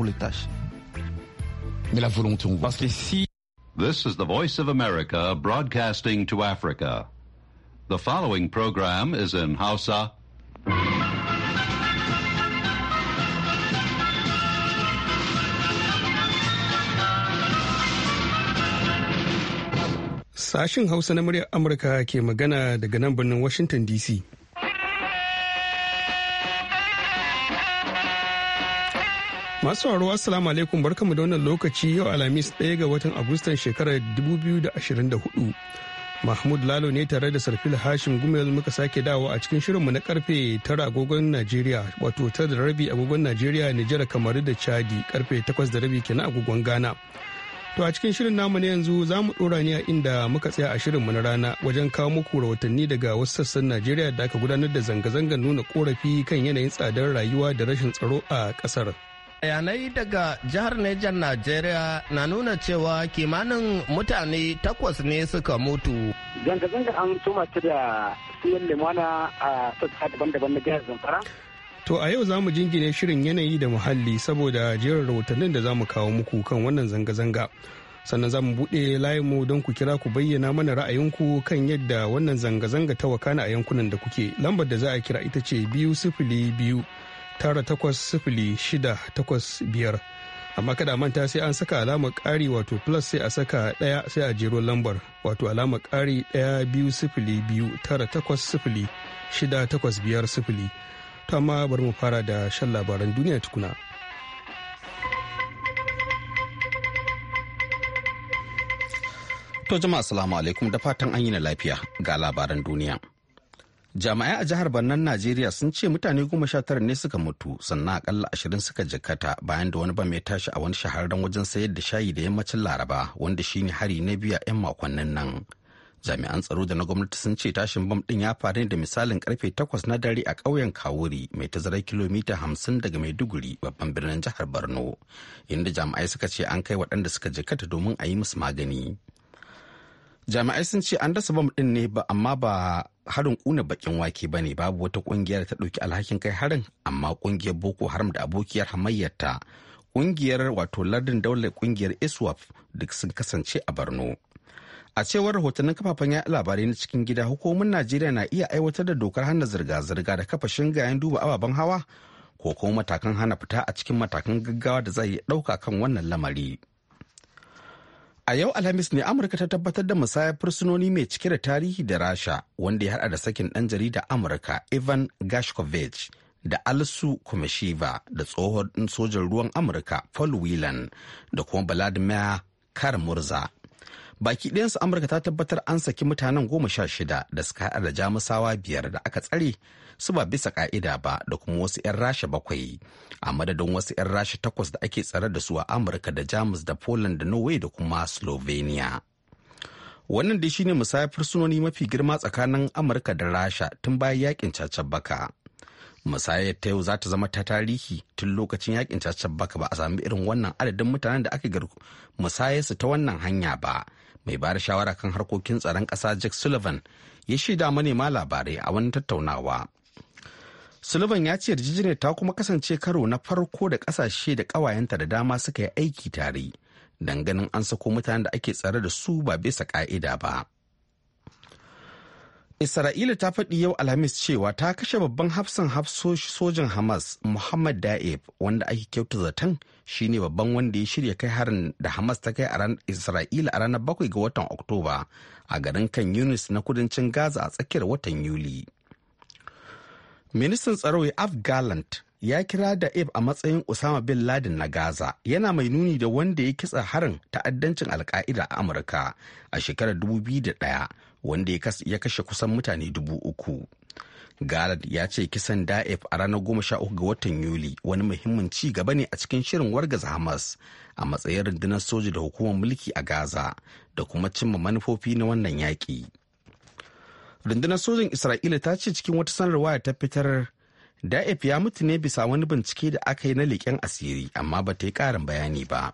pour les tâches. Mais la volonté, on voit. Parce que si. This is the voice of America broadcasting to Africa. The following program is in Hausa. Hausa na muryar Amurka ke magana daga nan birnin Washington DC. Masu sauraro Assalamu alaikum barkamu da wannan lokaci yau Alhamis ɗaya ga watan Agustan shekarar 2024. Mahmud Lalo ne tare da Sarfil Hashim Gumel muka sake dawo a cikin shirinmu na karfe tara agogon Najeriya wato ta da rabi agogon Najeriya Nijar Kamaru da Chadi karfe takwas da rabi kenan agogon Ghana. To a cikin shirin namu na yanzu za mu dora ne a inda muka tsaya a shirin mu na rana wajen kawo muku rawatanni daga wasu sassan Najeriya da aka gudanar da zanga-zangar nuna korafi kan yanayin tsadar rayuwa da rashin tsaro a ƙasar. Bayanai daga jihar Nijar Najeriya na nuna cewa kimanin mutane takwas ne suka mutu. Zanga-zanga an tuma ta da siyan limana a sassa daban-daban na jihar Zamfara. To a yau za mu jingine shirin yanayi da muhalli saboda jerin rahotannin da za mu kawo muku kan wannan zanga-zanga. Sannan za mu buɗe layinmu don ku kira ku bayyana mana ra'ayinku kan yadda wannan zanga-zanga ta wakana a yankunan da kuke. Lambar da za a kira ita ce biyu sifili biyu tara takwas sifili shida takwas biyar amma kada manta sai an saka alamar ƙari wato plus sai a saka ɗaya sai a jero lambar wato alamar ƙari ɗaya biyu sifili biyu tara takwas sifili shida takwas biyar sifili to amma bari mu fara da shan labaran duniya tukuna. To jama'a salamu alaikum da fatan an yi na lafiya ga labaran duniya. jami'ai a jihar bannan najeriya sun ce mutane goma sha tara ne suka mutu sannan akalla ashirin suka jikkata bayan da wani bam ya tashi a wani shahararren wajen sayar da shayi da yammacin laraba wanda shine hari na biya 'yan makonnin nan jami'an tsaro da na gwamnati sun ce tashin bam ɗin ya faru da misalin karfe 8 na dare a ƙauyen kawuri mai tazarar kilomita 50 daga maiduguri babban birnin jihar borno inda jami'ai suka ce an kai waɗanda suka jikata domin a yi musu magani jami'ai sun ce an dasa bam din ne ba amma ba harin kuna bakin wake ba ne babu wata da ta ɗauki alhakin kai harin amma kungiyar boko haram da abokiyar hamayyarta kungiyar wato lardin daular kungiyar iswap duk sun kasance a borno a cewar rahotannin kafafen ya labarai na cikin gida hukumomin najeriya na iya aiwatar da dokar hana zirga-zirga da kafa shingayen duba ababen hawa ko kuma matakan hana fita a cikin matakan gaggawa da zai yi ɗauka kan wannan lamari A yau Alhamis ne Amurka ta tabbatar da musayar fursunoni mai cike da tarihi da Rasha wanda ya hada da sakin ɗan jarida Amurka Ivan Gashkovich da Alsu Kumashiva da tsohon sojan ruwan Amurka Paul Whelan da kuma Vladimir karmurza baki ɗayansu amurka ta tabbatar an saki mutanen goma sha shida da suka haɗa da jamusawa biyar da aka tsare su ba bisa ka'ida ba da kuma wasu 'yan rasha bakwai a madadin wasu 'yan rasha takwas da ake tsare da su a amurka da jamus da poland da norway da kuma slovenia wannan dai shine musayar fursunoni mafi girma tsakanin amurka da rasha tun bayan yakin cacar baka musayar ta yau za ta zama ta tarihi tun lokacin yakin cacar baka ba a sami irin wannan adadin mutanen da aka musayarsu ta wannan hanya ba mai bayar shawara kan harkokin tsaron ƙasa jack sullivan ya shaida manema labarai a wani tattaunawa sullivan ya ce yarjejeniyar ta kuma kasance karo na farko da ƙasashe da ƙawayenta da dama suka yi aiki tare ganin an sako mutanen da ake tsare da su ba bisa ƙa'ida ba. Isra'ila ta faɗi yau Alhamis cewa ta kashe babban hafsan sojin Hamas Muhammad Da'ib wanda ake kyauta zaton shine babban wanda ya shirya kai harin da Hamas ta kai a ranar Isra'ila a ranar bakwai ga watan Oktoba a garin kan Yunus na kudancin Gaza a tsakiyar watan Yuli. Ministan tsaro Af Gallant ya kira Da'ib a matsayin usama bin Laden na Gaza yana mai nuni da wanda ya kitsa harin ta'addancin Alka'ida a Amurka a shekarar 2001 wanda ya kashe kusan mutane dubu uku. Garland ya ce kisan Da'if a ranar goma sha uku ga watan Yuli wani muhimmin ci gaba ne a cikin shirin wargaza Hamas a matsayin rundunar soja da hukumar mulki a Gaza da kuma cimma manufofi na wannan yaƙi. Rundunar sojan Isra'ila ta ce cikin wata sanarwa ta fitar Da'if ya mutu ne bisa wani bincike da aka yi na leƙen asiri amma ba ta yi ƙarin bayani ba.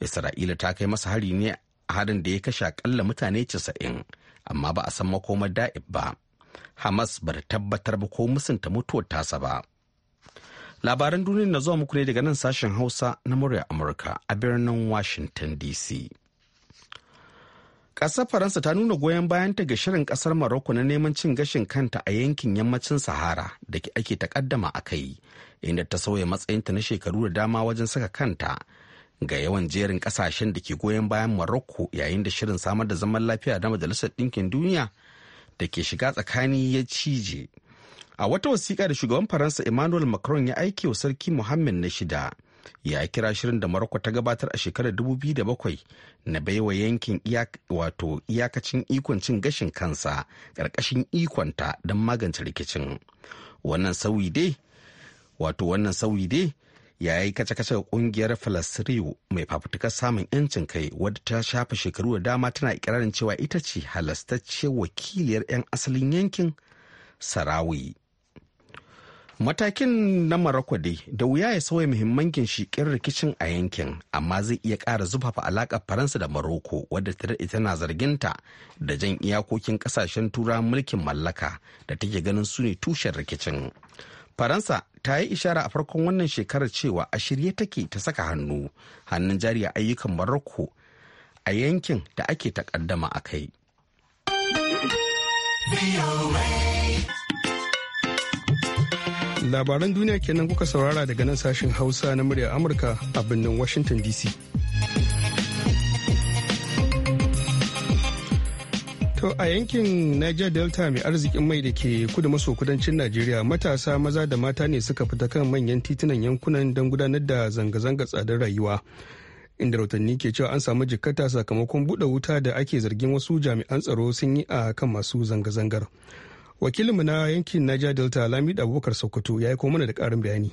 Isra'ila ta kai masa hari ne a harin da ya kashe akalla mutane casa'in amma ba a san makoma da'ib ba hamas ba da tabbatar ba ko musunta mutuwar tasa ba labaran duniya na zuwa muku ne daga nan sashen hausa na murya amurka a birnin washington dc ƙasar faransa ta nuna goyon bayanta ga shirin ƙasar maroko na neman cin gashin kanta a yankin yammacin sahara da ake takaddama a kai inda ta sauya matsayinta na shekaru da dama wajen saka kanta ga yawan jerin kasashen da ke goyon bayan Morocco yayin da shirin samar da zaman lafiya na Majalisar Ɗinkin Duniya da ke shiga tsakani ya cije. A wata wasiƙa da shugaban Faransa Emmanuel Macron ya aike wa Sarki Muhammad na shida ya kira shirin da Morocco ta gabatar a shekarar bakwai na baiwa yankin wato iyakacin ikon cin gashin kansa ƙarƙashin ikonta don magance rikicin. Wannan sauyi dai wato wannan sauyi dai ya yi kace-kace da kungiyar Falasriyu mai fafutukar samun 'yancin kai wadda ta shafa shekaru da dama tana ikirarin cewa ita ce halastacce wakiliyar 'yan asalin yankin Sarawi. Matakin na Marakwade da wuya ya sauya muhimman kin rikicin a yankin, amma zai iya ƙara zufafa alaƙar Faransa da Maroko wadda ta daɗe tana zarginta da jan iyakokin ƙasashen tura mulkin mallaka da take ganin su ne tushen rikicin. Faransa ta yi ishara a farkon wannan shekarar cewa a shirye take ta saka hannu hannun jari a ayyukan Morocco a yankin da ake takaddama a kai. Labaran duniya kenan kuka saurara daga nan sashen Hausa na murya Amurka a birnin Washington DC. To a yankin Niger Delta mai arzikin mai da ke kudu maso kudancin Najeriya matasa maza da mata ne suka fita kan manyan titunan yankunan don gudanar da zanga-zanga tsadar rayuwa. Inda rautanni ke cewa an samu jikkata sakamakon buɗe wuta da ake zargin wasu jami'an tsaro sun yi a kan masu zanga-zangar. Wakilinmu na yankin Niger Delta Lamid Abubakar Sokoto ya yi mana da ƙarin bayani.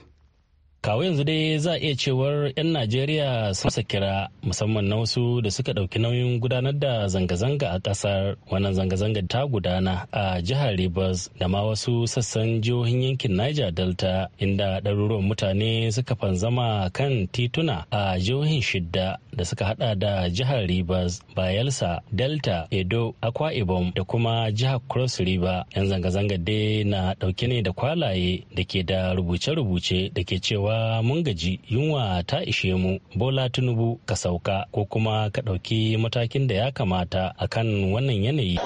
kawo yanzu dai za a iya cewar 'yan najeriya sun kira musamman na wasu da suka ɗauki nauyin gudanar da zanga-zanga a ƙasar wannan zanga-zanga ta gudana a jihar rivers da ma wasu sassan jihohin yankin niger delta inda ɗaruruwan mutane suka fanzama kan tituna a jihohin shidda da suka hada da jihar rivers bayelsa delta edo akwa ibom da kuma jihar cross river 'yan zanga-zangar dai na ɗauke ne da kwalaye da ke da rubuce-rubuce da ke cewa cewa mun gaji yunwa ta ishe mu bola tinubu ka sauka ko kuma ka ɗauki matakin da ya kamata akan wannan yanayi.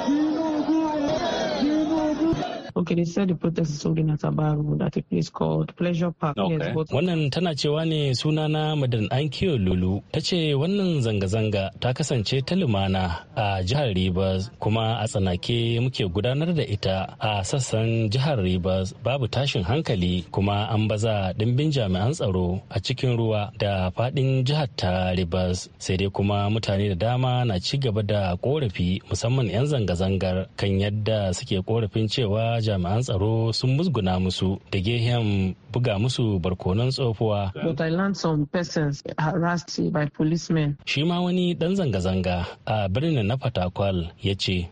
Okay, they said the protest is holding at a barroom at a place called Pleasure Park. Okay. Yes, but... Wannan tana cewa ne na Madan Ankiyo Lulu. Ta ce wannan zanga-zanga ta kasance ta lumana a jihar Rivers kuma a tsanake muke gudanar da ita a sassan jihar Rivers babu tashin hankali kuma an baza dimbin jami'an tsaro a cikin ruwa da fadin jihar ta Rivers sai dai kuma mutane da dama na ci gaba da korafi musamman 'yan zanga-zangar kan yadda suke korafin cewa jami'an jami'an tsaro sun musguna musu da gehen buga musu barkonon tsofuwa. Shi ma wani ɗan zanga-zanga a birnin na Fatakwal ya ce.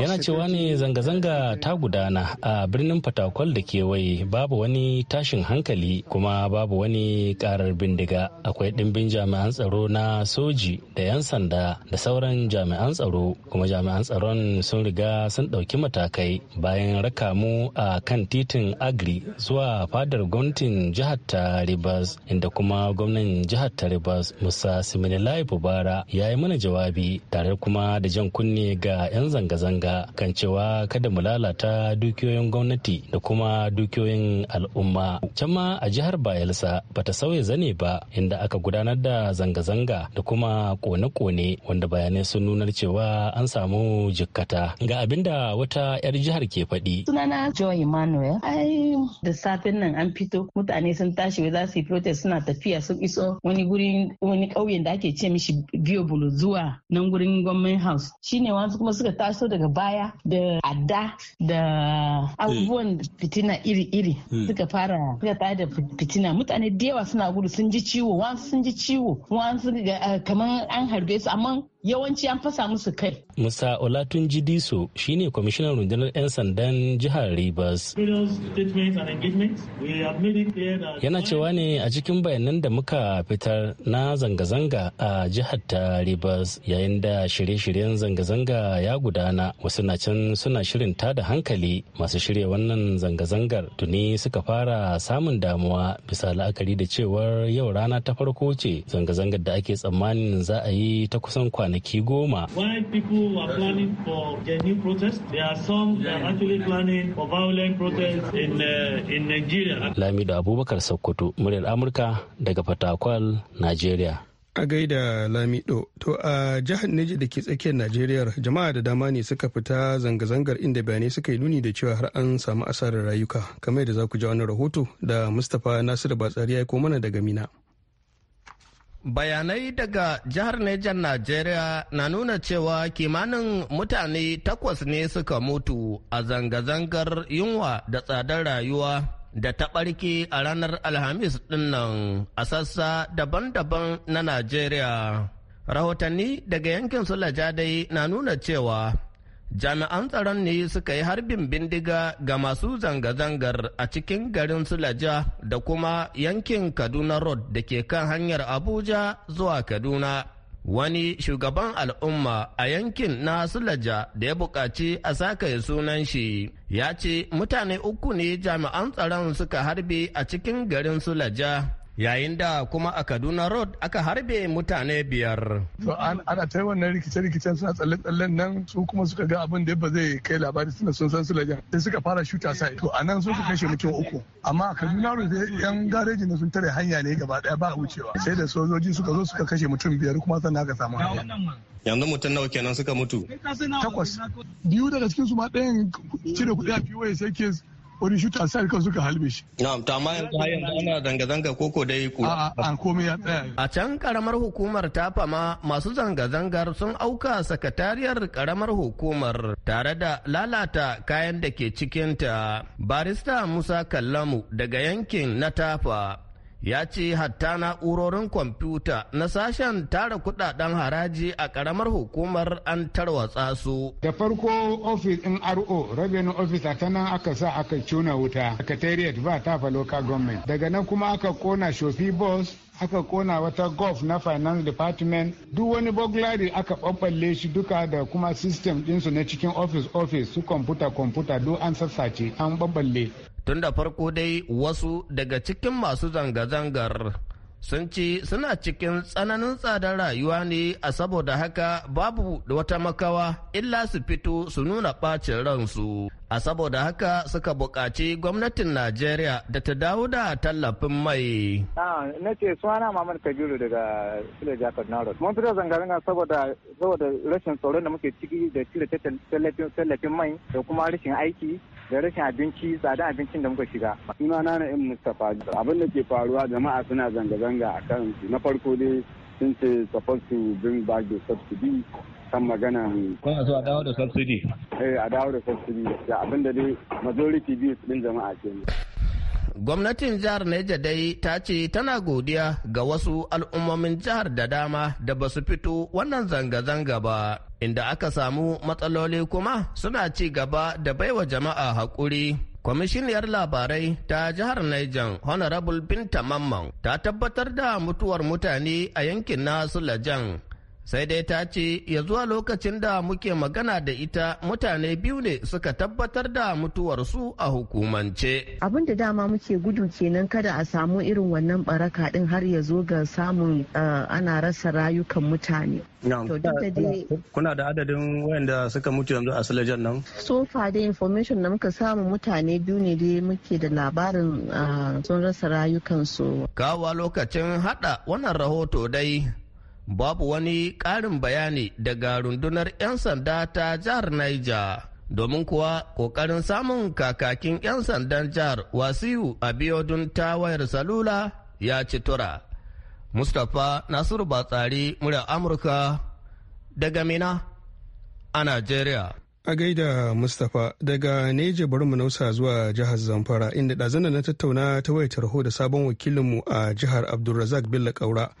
Yana cewa ne zanga-zanga ta gudana a birnin Fatakwal da kewaye babu wani tashin hankali kuma babu wani karar bindiga akwai ɗimbin jami'an tsaro na soji da 'yan sanda da sauran jami'an tsaro kuma jami'an jami'an tsaron sun riga sun ɗauki matakai bayan raka mu a kan titin agri zuwa fadar gwamnatin jihar ta ribas inda kuma gwamnan jihar ta ribas musa siminilai bubara ya yi mana jawabi tare kuma da jan kunne ga 'yan zanga-zanga kan cewa kada mu lalata dukiyoyin gwamnati da kuma dukiyoyin al'umma can ma a jihar bayelsa bata sauya zane ba inda aka gudanar da zanga-zanga da kuma kone-kone wanda bayanai sun nunar cewa an samu samu jikkata ga abinda wata 'yar jihar ke faɗi. sunana joy emmanuel ai da safen nan an fito mutane sun tashi wai za su yi protest suna tafiya sun iso wani guri wani ƙauyen da ake ce mishi biyo bulu zuwa nan gurin gwamnan house shine wasu kuma suka taso daga baya da adda da abubuwan fitina iri-iri hmm. suka fara suka da fitina mutane da yawa suna gudu sun ji ciwo wasu sun ji ciwo wasu kamar an harbe su amma yawanci an fasa musu kai. Musa Olatunji Diso shine kwamishinan rundunar 'yan sandan jihar Rivers. Yana cewa ne a cikin bayanan da muka fitar na zanga-zanga a jihar ta Rivers yayin da shirye-shiryen zanga-zanga ya gudana wasu na can suna shirin tada hankali masu shirya wannan zanga-zangar tuni suka fara samun damuwa bisa la'akari da cewar yau rana ta farko ce zanga-zangar da ake tsammanin za a yi ta kusan kwanaki kwanaki goma. Uh, lamido Abubakar Sokoto, muryar Amurka daga Fatakwal, Najeriya. a gaida lamido to a jihar neja da ke tsakiyar najeriya jama'a da dama ne suka fita zanga-zangar inda bayanai suka yi nuni da cewa har an samu asarar rayuka kamar da za ku ji wani rahoto da mustapha nasiru batsari ya ko mana daga mina Bayanai daga jihar Nijar Najeriya na nuna cewa kimanin mutane takwas ne suka mutu a zanga-zangar yunwa da tsadar rayuwa da ta ɓarke a ranar Alhamis dinnan a sassa daban-daban na Najeriya. Rahotanni daga yankin Sulajadai na nuna cewa jami'an tsaron ne suka yi harbin bindiga ga masu zanga-zangar a cikin garin sulaja da kuma yankin kaduna road da ke kan hanyar abuja zuwa kaduna wani shugaban al'umma a yankin na sulaja da ya buƙaci a ya sunan shi ya ce mutane uku ne jami'an tsaron suka harbi a cikin garin sulaja yayin da kuma a kaduna road aka harbe mutane biyar to ana ta wannan rikice-rikicen suna tsalle-tsallen nan su kuma suka ga abin da ba zai kai labari suna sun san sulaja sai suka fara shuta sai to a nan suka kashe mutum uku amma a kaduna road yan gareji ne sun tare hanya ne gaba daya ba wucewa sai da sojoji suka zo suka kashe mutum biyar kuma sannan aka samu hanya yanzu mutum nawa kenan suka mutu takwas biyu daga cikin su ma ɗayan cire kuɗi a fiye sai kes wani shuta sa kan suka halbe shi. Na amta amma yanzu har yanzu ana zanga-zanga koko dai ku. A komai ya tsaya. A can karamar hukumar ta fama masu zanga-zangar sun auka sakatariyar karamar hukumar tare da lalata kayan da ke cikinta. Barista Musa Kallamu daga yankin na Tafa ya ce hatta na'urorin kwamfuta na sashen tara kudaden haraji a karamar hukumar an tarwatsa su. Da farko ofis in RO, revenue officer ta nan aka sa aka cuna wuta, secretariat ba ta fa local government. Daga nan kuma aka kona shofi bus aka kona wata golf na finance department duk wani burglary aka ɓaɓɓalle shi duka da kuma system ɗinsu na cikin office office su kwamfuta kwamfuta duk an sassace an ɓaɓɓalle. Tun da farko dai wasu daga cikin masu zanga-zangar sun ci suna cikin tsananin tsadar rayuwa ne a saboda haka babu da wata makawa illa su fito su nuna ɓacin ransu a saboda haka suka buƙaci gwamnatin najeriya da ta dawo da tallafin mai na ce suna mamar kabiru daga sule jakar narod mun fito zanga-zanga saboda rashin tsoron da muke ciki da cire tallafin mai da kuma rashin aiki da rashin abinci tsada abincin da muka shiga. Suna na na Mustapha abin da ke faruwa jama'a suna zanga-zanga a kan na farko dai sun ce supposed to bring back the subsidy kan magana kuna so a dawo da subsidy eh a dawo da subsidy da abin da dai majority biyu din jama'a ke gwamnatin jihar Neja dai ta ce tana godiya ga wasu al'ummomin jihar da dama da ba su fito wannan zanga-zanga ba inda aka samu matsaloli kuma suna ci gaba da baiwa jama'a haƙuri. Kwamishiniyar labarai ta jihar Niger Honorable Binta Mamman ta tabbatar da mutuwar mutane a yankin na Sulajan sai dai ta ce ya zuwa lokacin da muke magana da ita mutane biyu ne suka tabbatar da mutuwarsu a hukumance abin da dama muke gudu kenan kada a samu irin wannan baraka din har ya zo ga samun eh, ana rasa rayukan mutane kuna da adadin wayanda suka mutu yanzu a silajen nan so far da information da muka samu mutane biyu ne dai muke da labarin eh, sun rasa rayukansu kawo lokacin hada wannan rahoto dai babu wani ƙarin bayani daga rundunar 'yan sanda ta jihar Niger. Domin kuwa ƙoƙarin samun kakakin 'yan sandan jihar Wasiyu a biyodun ta wayar salula ya ci tura. Mustapha Nasiru Batsari murya Amurka daga Mina a Najeriya. A gaida Mustapha daga Neja bari mu nausa zuwa jihar Zamfara inda ɗazana na tattauna ta wayar tarho da sabon wakilinmu a jihar Abdulrazak Bello Kaura.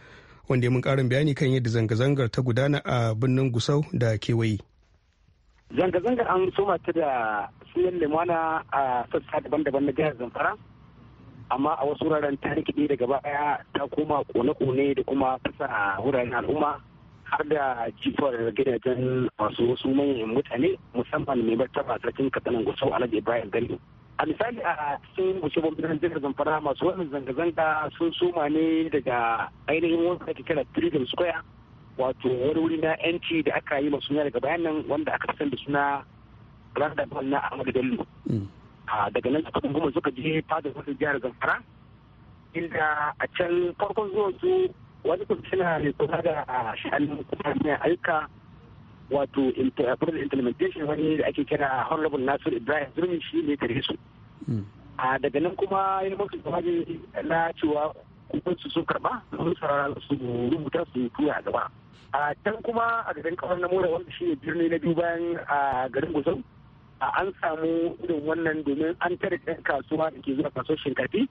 wanda mun karin bayani kan yadda zanga-zangar ta gudana a birnin gusau da kewaye zanga-zangar an soma ta da siyan limana a sassa daban-daban na jihar zamfara amma a wasu wuraren ta rikide daga baya ta koma kone-kone da kuma fasa a wuraren al'umma har da jifar gidajen masu wasu manyan mutane musamman mai taba sarkin katsinan gusau alhaji ibrahim bello a misali a cikin gushewar birnin jihar zamfara masu wannan zanga-zanga sun suma ne daga ainihin wani ake kira freedom square wato wani wuri na yanci da aka yi masu daga bayan nan wanda aka san da suna roundabout na ahmadu bello mm. daga nan suka kuma suka je fadar wasu jihar zamfara inda a can farkon zuwa su wani suna ne kusa da shi'anin kuma aika wato further implementation wani da ake kira honorable nasir ibrahim zurmi shi ne kare su hmm. a daga nan kuma yana mafi ne na cewa su sun karba sun sarara su rubuta su tuya a gaba a can kuma a garin kawar na mora wanda shi ne birni na biyu bayan a garin gusau an samu irin wannan domin an tare ɗan kasuwa da ke zuwa kasuwar shinkafi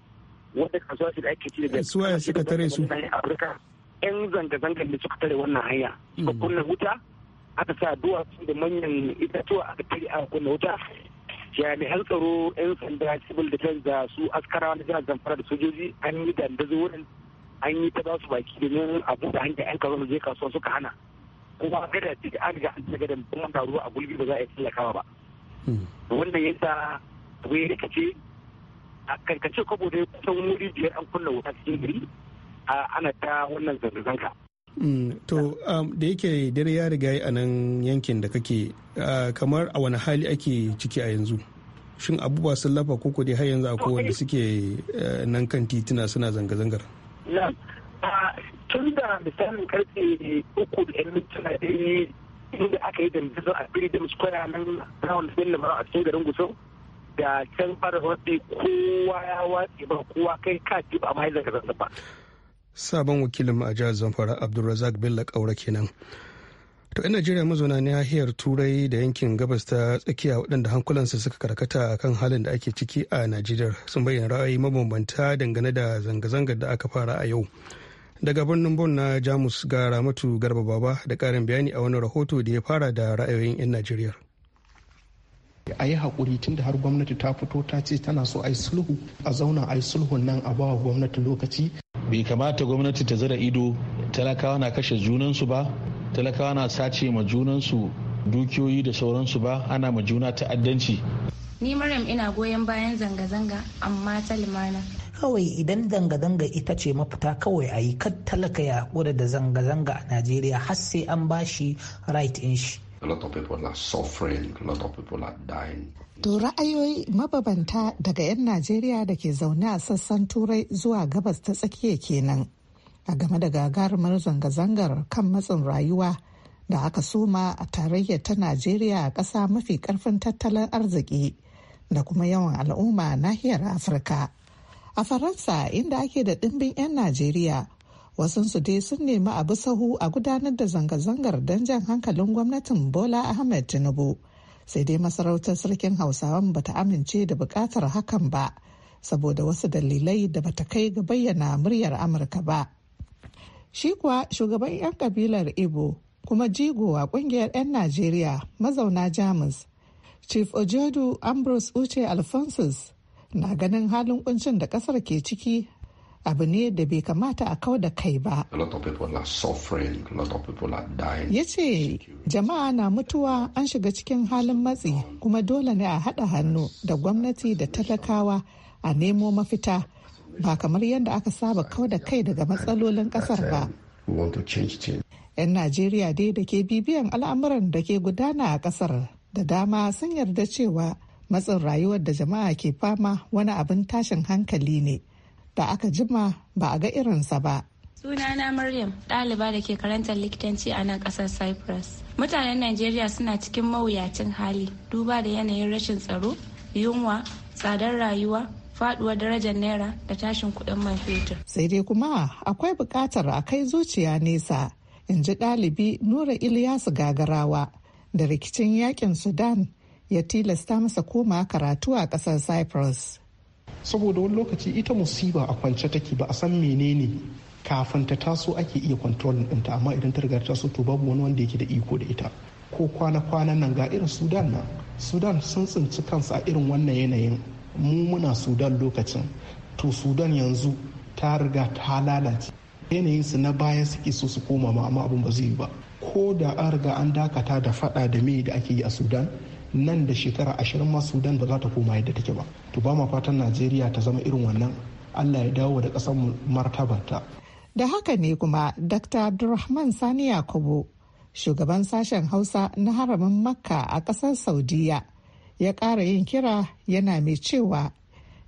wanda kasuwa ce da ake ci daga suwa suka tare su yan zanga-zangar da suka tare wannan hanya suka hmm. kunna wuta aka sa duwatsu da manyan itatuwa aka tare a kunna wuta jami'an tsaro 'yan sanda civil defense da su askara na jihar zamfara da sojoji an yi dandazo wurin an yi ta ba su baki domin a buɗe hanya 'yan kasuwa je kasuwa suka hana kuma gada ce da an ga an ta gadan kuma taruwa a gulbi ba za a yi tallafawa ba wannan ya sa abu ya rikice a karkace kwabo da kusan wuri biyar an kunna wuta cikin gari ana ta wannan zanga-zanga Mm, to um, da yake dare ya riga a nan yankin da kake uh, kamar a wani hali ake ciki a yanzu shin abubuwa sun lafa koko dai har yanzu akwai wanda suke uh, nan kan tituna suna zanga-zangar tun da misalin karfe uku da yan mintuna dai inda aka yi dandazo a freedom square nan rawar da a cikin garin gusau da can fara watsi kowa ya watsi ba kowa kai ka ci ba mai zanga zanga ba sabon wakilin a jihar zamfara abdulrazak bello kaura kenan to yan najeriya mazauna nahiyar turai da yankin gabas ta tsakiya waɗanda hankulansu suka karkata kan halin da ake ciki a najeriya sun bayyana ra'ayi mabambanta dangane da zanga-zangar da aka fara a yau daga birnin bon na jamus ga ramatu garba baba da karin bayani a wani rahoto da ya fara da ra'ayoyin 'yan najeriya a yi haƙuri da har gwamnati ta fito ta ce tana so a yi sulhu a zauna a yi sulhun nan a bawa gwamnati lokaci bai kamata gwamnati ta zara ido talakawa na kashe junansu ba talakawa na sace ma junansu dukiyoyi da sauransu ba ana ma juna ta'addanci ni maryam ina goyon bayan zanga-zanga amma ta limana kawai idan zanga-zanga ita ce mafita kawai a yi kan talaka ya da zanga-zanga a najeriya har sai an bashi right in shi A lot of To ra'ayoyi mababanta daga 'yan Najeriya da ke zaune a sassan Turai zuwa gabas ta tsakiya kenan a game da gagarumar zanga-zangar kan matsin rayuwa da aka soma a tarayyar ta Najeriya a ƙasa mafi ƙarfin tattalin arziki da kuma yawan al'umma nahiyar Afirka. A Faransa inda ake da ɗimbin 'yan Najeriya wasansu dai sun nemi abu sahu a gudanar da zanga-zangar don jan hankalin gwamnatin Bola Ahmed Tinubu. sai dai masarautar sarkin hausawan bata amince da bukatar hakan ba saboda wasu dalilai da bata kai ga bayyana muryar amurka ba shi kuwa shugaban 'yan kabilar igbo kuma jigo a kungiyar 'yan najeriya mazauna jamus chief ojedu ambrose uche alphonsus na ganin halin kuncin da kasar ke ciki abu ne da bai kamata a kau da kai ba. Ya ce jama'a na mutuwa an shiga cikin halin matsi kuma dole ne a haɗa hannu da gwamnati da talakawa a nemo mafita ba kamar yadda aka saba kau da kai daga matsalolin ƙasar ba. 'Yan Najeriya dai da ke bibiyan al'amuran da ke gudana a ƙasar da dama sun yarda cewa matsin rayuwar da jama'a ke fama wani abin tashin hankali ne. da aka jima ba a ga irinsa ba. Sunana Maryam, ɗaliba da ke karantar likitanci a nan ƙasar Cyprus. Mutanen Najeriya suna cikin mawuyacin hali duba da yanayin rashin tsaro, yunwa, tsadar rayuwa, faduwar darajar naira da tashin kuɗin man fetur. Sai dai kuma akwai buƙatar a kai zuciya nesa, in ji ɗalibi Nura ilyasu Gagarawa da rikicin yakin Sudan ya tilasta masa koma karatu a ƙasar Cyprus. saboda wani lokaci ita musiba a kwance take ba a san menene kafin ta taso ake iya control ɗinta amma idan ta riga ta taso to babu wani wanda yake da iko da ita ko kwana-kwanan nan ga irin sudan na sudan sun tsinci kansu a irin wannan yanayin mu muna sudan lokacin to sudan yanzu ta riga ta lalace yanayinsu na baya suke so su koma ma amma abin ba zai yi ba ko da an riga an dakata da fada da me da ake yi a sudan nan da shekara ashirin ma sudan ba za ta koma yadda take ba to ba ma fatan najeriya ta zama irin wannan allah ya dawo da ƙasar martabarta. da haka ne kuma dr abdulrahman sani yakubu shugaban sashen hausa na haramin makka a ƙasar saudiya ya ƙara yin kira yana mai cewa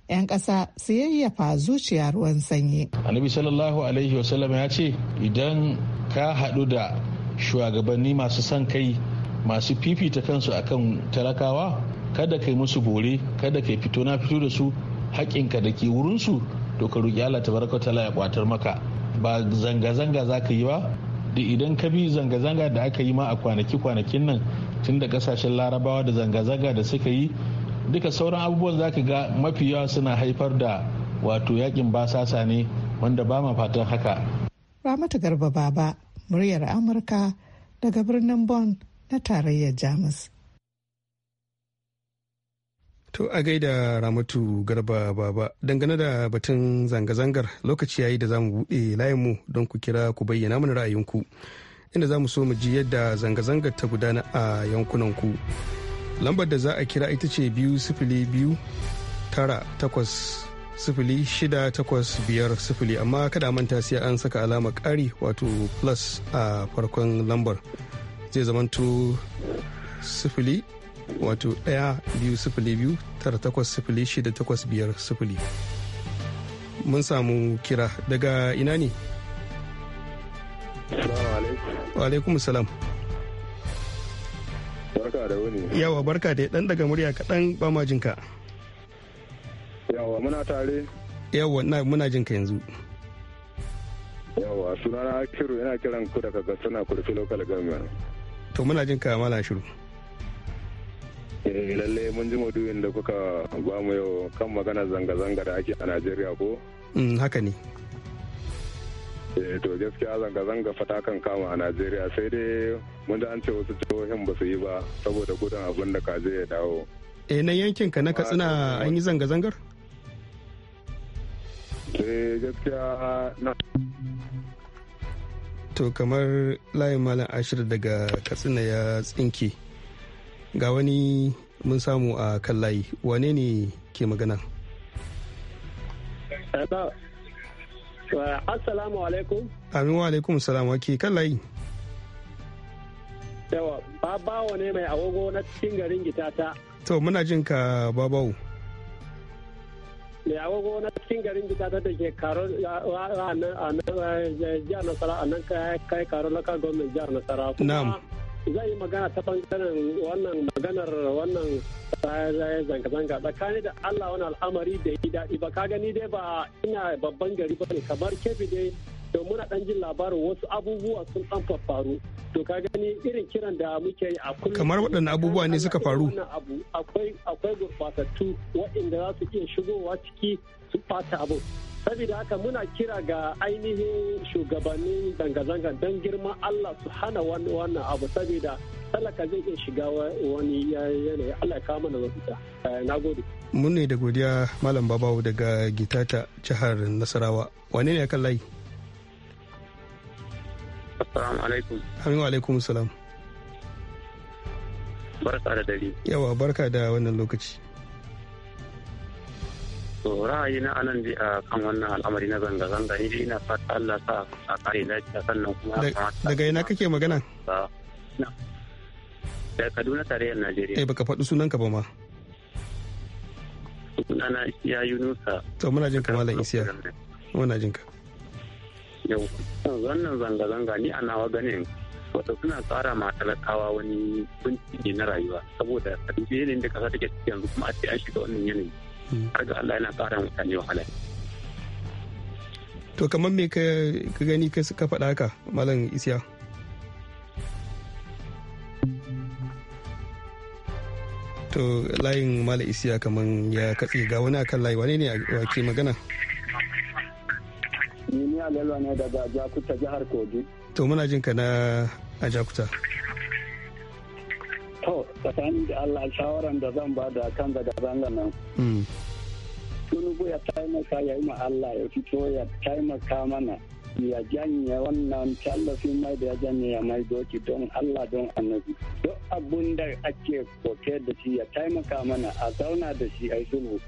'yan ƙasa su yayyafa zuciya ruwan sanyi. Annabi sallallahu alaihi wasallam ya ce idan ka haɗu da shugabanni masu son kai masu fifita kansu a kan talakawa kada kai musu bore kada kai fito na fito da su haƙƙinka da ke wurinsu to ka roƙi Allah ta tabaraka taala ya kwatar maka ba zanga-zanga za ka yi ba da idan ka bi zanga-zanga da aka yi ma a kwanaki-kwanakin nan tun da kasashen larabawa da zanga-zanga da suka yi duka sauran abubuwan za ka ga mafi yawa suna haifar da wato yakin basasa ne wanda ba ma fatan haka ramata garba baba muryar amurka daga birnin bon. na tarayyar jamus To a gaida Ramatu Garba Baba dangane da batun zanga-zangar lokaci yayi da za mu buɗe layinmu don ku kira ku bayyana mana ra'ayinku inda za mu so mu ji yadda zanga-zangar ta gudana a yankunanku. Lambar da za a kira ita ce biyu sifili biyu tara takwas sifili shida takwas biyar sifili amma kada manta sai an saka alama ƙari wato plus a farkon lambar. zai zamanto sifili wato ɗaya biyu sifili biyu tara takwas sifili shida takwas biyar sifili mun samu kira daga ina ne wa alaikum salam barka da wuni yawa barka da dan daga murya kaɗan ba ma jinka yawa muna tare yawa muna jinka yanzu yawa sunana kiro yana kiran ku daga katsina kurfi local government to muna jin ka mala shiru eh, lalle mun ji maduyin da kuka ba mu yau kan magana zanga-zanga da ake a najeriya ko mm, haka ne eh, to gaskiya zanga-zanga fata kan kama a najeriya sai dai mun da an ce wasu jihohin ba su yi ba saboda gudun abin da kaje ya dawo eh nan yankin ka na katsina ah, an yi zanga-zangar eh gaskiya na to kamar layin malam ashir daga katsina ya tsinke ga wani mun samu a kan layi wane ne ke magana assalamu alaikum amin wa alaikum salamu ke kan layi yawa babawa ne mai agogo na cikin garin ta. to muna jin ka babawo mai agogo na cikin garin jika ta da ke karo a nan jihar nasara a nan kai karo na kan gwamnan jihar nasara kuma zai yi magana ta bangaren wannan maganar wannan zanga-zanga tsakani da Allah wani al'amari da yi daɗi ba ka gani dai ba ina babban gari ba ne kamar kefi dai to muna dan jin labarin wasu abubuwa sun dan faru to ka gani irin kiran da muke yi a kullum kamar waɗannan abubuwa ne suka faru akwai akwai gurbatattu waɗanda za su iya shigowa ciki su fata abu saboda haka muna kira ga ainihin shugabannin zanga zanga don girman Allah su hana wannan abu saboda talaka zai iya shiga wani yanayi Allah ya kawo mana mafita eh, na mun ne da godiya malam babawo daga gitata jihar nasarawa wane ne akan layi Assalamu alaikum. Amin alaikum salam. Barka da dare. Yawa barka da wannan lokaci. To ra'ayi na anan a kan wannan al'amari na zanga-zanga ni dai ina fata Allah sa a kare lafiya sannan kuma daga ina kake magana? Da Kaduna tarayyar Najeriya. Eh baka faɗi ka ba ma. Sunana Isiya Yunusa. To muna jin malam Isiya. Muna jin ka. yau wannan zanga-zanga ni a nawa ganin wato suna tsara ma talakawa wani bincike na rayuwa saboda a duk yanayin da kasa take ciki yanzu kuma a ce an shiga wannan yanayi har hmm. ga Allah yana tsara mutane wahala to kamar me ka gani ka suka faɗa haka malam isiya to layin malam isiya kamar ya katse ga wani akan layi wane ne ke magana Isa ne daga Jakuta jihar Kogi. To muna jin ka na a Jakuta. To tsakanin da Allah shawaran da zan ba da kan daga zanga nan. Hmm. Tunubu ya taimaka ya yi ma Allah ya fito ya taimaka mana ya janye wannan tallafin mai da ya janye ya mai doki don Allah don annabi. Duk abun da ake koke da shi ya taimaka mana a zauna da shi a yi sulhu.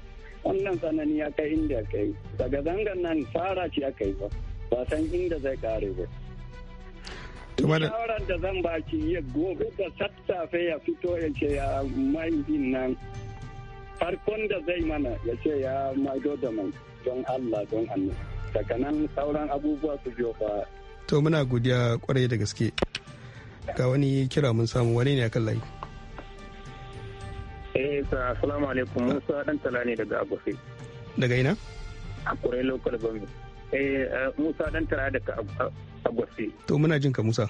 wannan tsanani ya kai inda ya kai daga zangar nan fara ce aka yi ba ba san inda zai kare ba shawaran da zan baki ya gobe da sassafe ya fito ya ce ya mai nan farkon da zai mana ya ce ya maido da mai don Allah don hannu. daga nan sauran abubuwa su biyo ba. to muna godiya kwarai da gaske ga wani kira mun samu wani ne akan layi eh sa alaikum musa dan tala ne daga Abuja. daga ina a kurai local government Eh, eh, Musa dan tara da Agwafe. To muna jin ka Musa.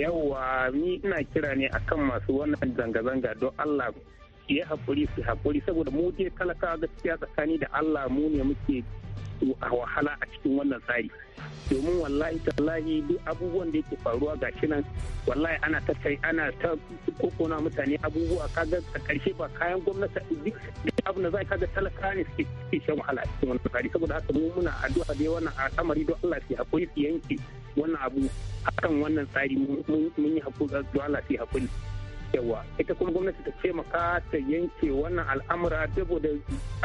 Yawwa ni ina kira ne akan masu wannan zanga-zanga don Allah ya haƙuri su haƙuri saboda mu je talakawa gaskiya tsakani da Allah mu ne muke wahala a cikin wannan tsari domin wallahi tallahi duk abubuwan da yake faruwa ga shi nan wallahi ana ta ana ta kokona mutane abubuwa kaga a karshe ba kayan gwamnati duk abu na zai kaga talaka ne suke suke shan wahala a cikin wannan tsari saboda haka mu muna addu'a dai wannan al'amari don Allah su hakuri su yanke wannan abu akan wannan tsari mun yi hakuri don Allah su hakuri yawa ita kuma gwamnati ta ce maka ta yanke wannan al'amura saboda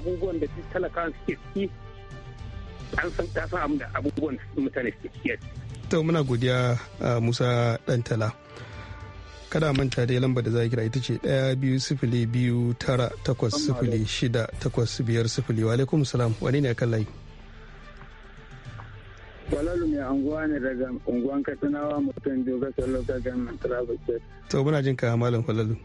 abubuwan da talaka suke ciki an san ta sa da abubuwan mutane suke ciki to muna godiya Musa Dantala kada manta dai lambar da za kira ita ce ɗaya biyu sifili biyu tara takwas sifili shida takwas biyar sifili wa alaikum salam wani ne akan layi walalu mai anguwa ne daga unguwan Katsinawa mutum Jogasar Local Government Travel State. To muna jin ka Malam walalu.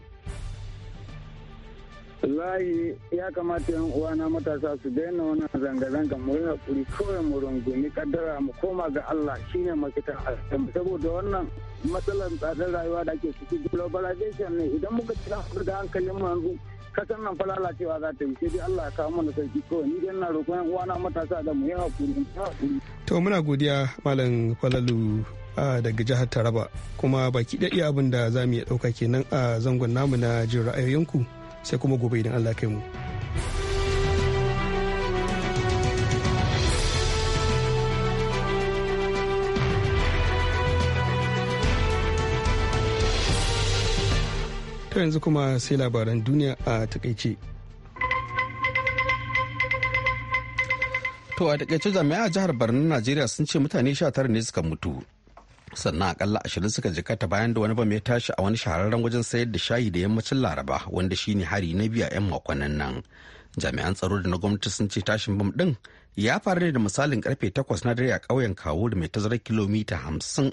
wallahi ya kamata yan uwana matasa su daina wannan zanga-zanga mu yana kuri kawai mu rungumi kaddara mu koma ga Allah shine mafita alhamdu saboda wannan matsalar tsadar rayuwa da ake ciki globalization ne idan muka cika da hankalin mu yanzu kasan nan fa lalacewa za ta yi sai dai Allah ya kawo mana sauki kawai ni dai na roƙon yan uwana matasa da mu yi hakuri to muna godiya malam falalu daga jihar Taraba kuma baki daɗi abin da za mu iya ɗauka kenan a zangon namu na jin ra'ayoyinku sai kuma gobe idan allah kai mu ta yanzu kuma sai labaran duniya a takaice to a takaice jami'a jihar barna najeriya sun ce mutane 19 ne suka mutu sannan akalla ashirin suka jikata bayan da wani bam ya tashi a wani shahararren wajen sayar da shayi da yammacin laraba wanda shine hari na biyu a 'yan makonnin nan jami'an tsaro da na gwamnati sun ce tashin bam din ya faru ne da misalin karfe 8 na dare a ƙauyen kawo da mai tazarar kilomita 50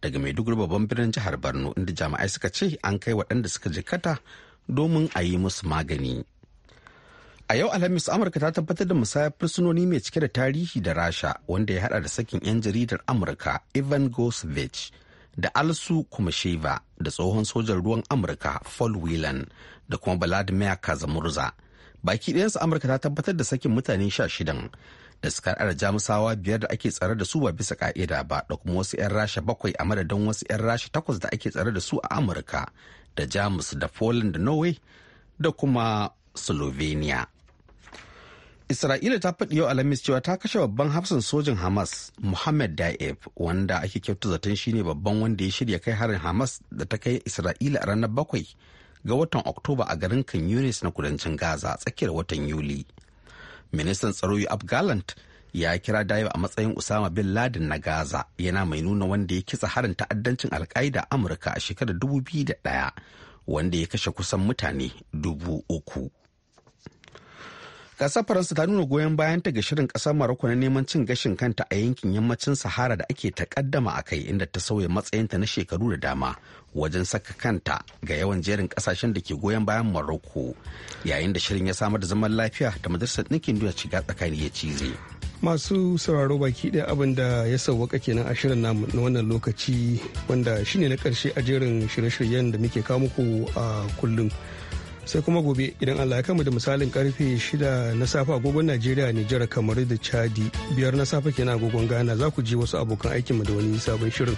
daga maiduguri babban birnin jihar borno inda jami'ai suka ce an kai waɗanda suka jikata domin a yi musu magani. A yau Alhamis Amurka ta tabbatar da musayar fursunoni mai cike da tarihi da Rasha wanda ya hada da sakin 'yan jaridar Amurka Ivan Gosevich da Alsu Kumasheva da tsohon sojan ruwan Amurka Paul Whelan da kuma Vladimir Kazamurza. Baki ɗayansu Amurka ta tabbatar da sakin mutane sha shidan da suka da jamusawa biyar da ake tsare da su ba bisa ka'ida ba da kuma wasu 'yan rasha bakwai a madadin wasu 'yan rasha takwas da ake tsare da su a amurka da jamus da poland da norway da kuma slovenia Isra'ila ta faɗi yau Alhamis cewa ta kashe babban hafsan sojin Hamas Muhammad Daif wanda ake kyautu zaton shine babban wanda ya shirya kai harin Hamas da ta kai Isra'ila a ranar bakwai ga watan Oktoba a garin Kan Yunis na kudancin Gaza tsakiyar watan Yuli. Ministan tsaro Yoav Gallant ya kira Daif a matsayin Usama bin Laden na Gaza yana mai nuna wanda ya kitsa harin ta'addancin Alkaida Amurka a shekarar 2001 wanda ya kashe kusan mutane dubu uku. Ƙasar Faransa ta nuna goyon bayan ta ga shirin ƙasar Maroko na neman cin gashin kanta a yankin yammacin Sahara da ake takaddama a kai inda ta sauya matsayinta na shekaru da dama wajen saka kanta ga yawan jerin ƙasashen da ke goyon bayan Maroko yayin da shirin ya samar da zaman lafiya da majalisar ɗinkin duniya shiga tsakani ya cize. Masu sauraro baki ɗaya abin da ya sauwaka kenan a shirin namu na wannan lokaci wanda shine na karshe a jerin shirye-shiryen da muke kawo muku a kullum. sai kuma gobe idan Allah ya kama da misalin karfe shida na safa agogon Najeriya Nijar kamar da Chadi biyar na safe kenan agogon Ghana za ku ji wasu abokan aikin mu da wani sabon shirin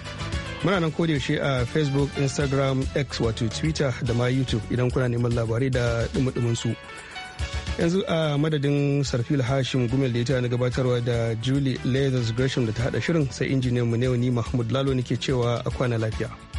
muna nan ko yaushe a Facebook Instagram X wato Twitter da ma YouTube idan kuna neman labarai da dumudumin su yanzu a madadin sarfil hashim gumel da ita na gabatarwa da julie leathers gresham da ta hada shirin sai injiniyan mu ne mahmud lalo nake cewa a kwana lafiya